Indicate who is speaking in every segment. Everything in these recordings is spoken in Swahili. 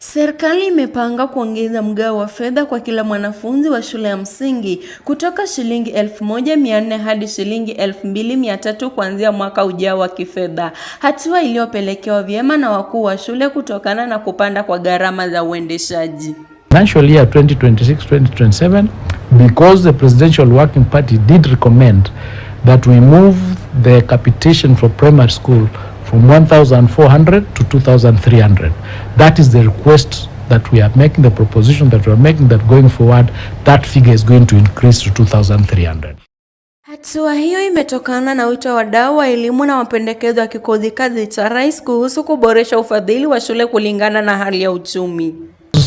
Speaker 1: Serikali imepanga kuongeza mgao wa fedha kwa kila mwanafunzi wa shule ya msingi kutoka shilingi 1400 hadi shilingi 2300 kuanzia mwaka ujao wa kifedha, hatua iliyopelekewa vyema na wakuu wa shule kutokana na kupanda kwa gharama za uendeshaji.
Speaker 2: Financial year 2026-2027 because the presidential working party did recommend that we move the capitation for primary school from 1,400 to 2,300. That is the request that we are making, the proposition that we are making, that going forward that figure is going to increase to 2,300.
Speaker 1: Hatua hiyo imetokana na wito wa wadau wa elimu na mapendekezo ya kikozi kazi cha Rais kuhusu kuboresha ufadhili wa shule kulingana na hali ya uchumi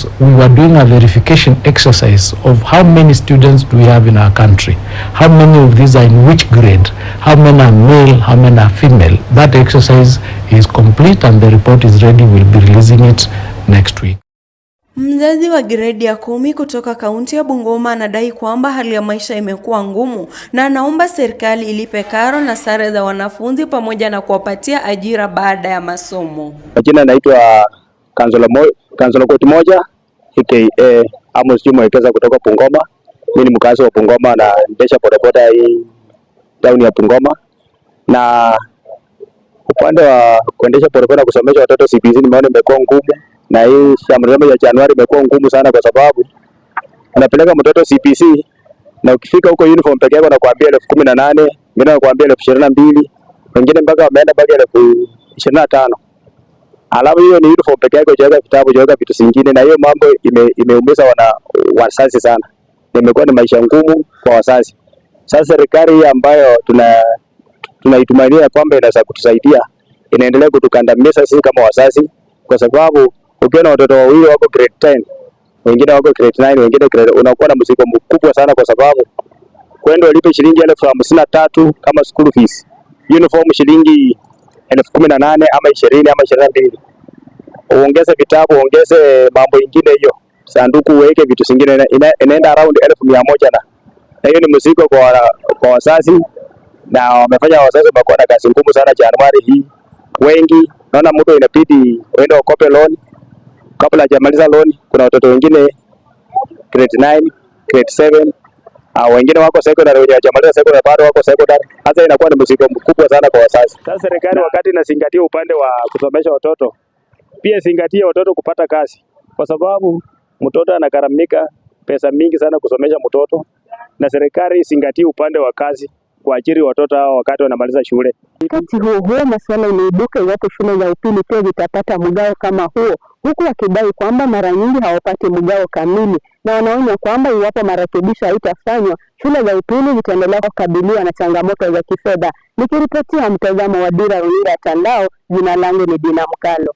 Speaker 2: because we were doing a verification exercise of how many students do we have in our country, how many of these are in which grade, how many are male, how many are female. That exercise is complete and the report is ready. We'll be releasing it next week.
Speaker 1: Mzazi wa gredi ya kumi kutoka kaunti ya Bungoma anadai kwamba hali ya maisha imekuwa ngumu na anaomba serikali ilipe karo na sare za wanafunzi pamoja na kuwapatia ajira baada ya masomo.
Speaker 3: Majina anaitwa Kanzolo Kanzolo Koti moja aka Amos Juma Ekeza kutoka Pungoma. Mimi ni mkazi wa Pungoma na ndesha bodaboda hii town ya Pungoma, Na upande wa kuendesha bodaboda kusomesha watoto CBC nimeona imekuwa ngumu, na hii shamrema ya Januari imekuwa ngumu sana, kwa sababu unapeleka mtoto CBC na ukifika huko uniform peke yako nakwambia elfu kumi na nane wengine nakwambia elfu ishirini na mbili wengine mpaka wameenda mpaka elfu ishirini na tano Alafu hiyo ni uniform peke yake, hujaweka kitabu, hujaweka vitu zingine, na hiyo mambo ime, wana wazazi sana. Nimekuwa ni maisha ngumu kwa wasazi. Sasa serikali hii ambayo tuna tunaitumainia kwamba inaweza kutusaidia inaendelea kutukandamiza sisi kama wazazi, kwa sababu ukiona watoto wawili wako grade 10 wengine wako grade 9 wengine grade, unakuwa na mzigo mkubwa sana, kwa sababu kwenda ulipe shilingi elfu hamsini na tatu kama school fees, uniform shilingi elfu kumi na nane ama ishirini ama ishirini na mbili uongeze vitabu uongeze mambo ingine hiyo sanduku uweke vitu zingine ina, inaenda around elfu mia moja na na hiyo ni mzigo kwa, kwa wazazi na wamefanya wazazi wamekuwa na kazi ngumu sana Januari hii. Wengi naona mtu inabidi uende ukope loan kabla hajamaliza loan. Kuna watoto wengine grade 9, grade 7 Ah, wengine wako secondary wenye wajamaliza secondary bado wako secondary. Sasa inakuwa ni mzigo mkubwa sana kwa wazazi. Sasa serikali wakati inazingatia upande wa kusomesha watoto, pia zingatie watoto kupata kazi, kwa sababu mtoto anagharamika pesa mingi sana kusomesha mtoto, na serikali zingatie upande wa kazi kuajiri watoto hao wakati wanamaliza shule.
Speaker 1: Wakati huo huo, masuala imeibuka iwapo shule za upili pia zitapata mgao kama huo, huku wakidai kwamba mara nyingi hawapati mgao kamili, na wanaonya kwamba iwapo marekebisho haitafanywa, shule za upili zitaendelea kukabiliwa na changamoto za kifedha. Nikiripotia mtazamo wa Dira Runinga ya Tandao, jina langu ni Dina Mkalo.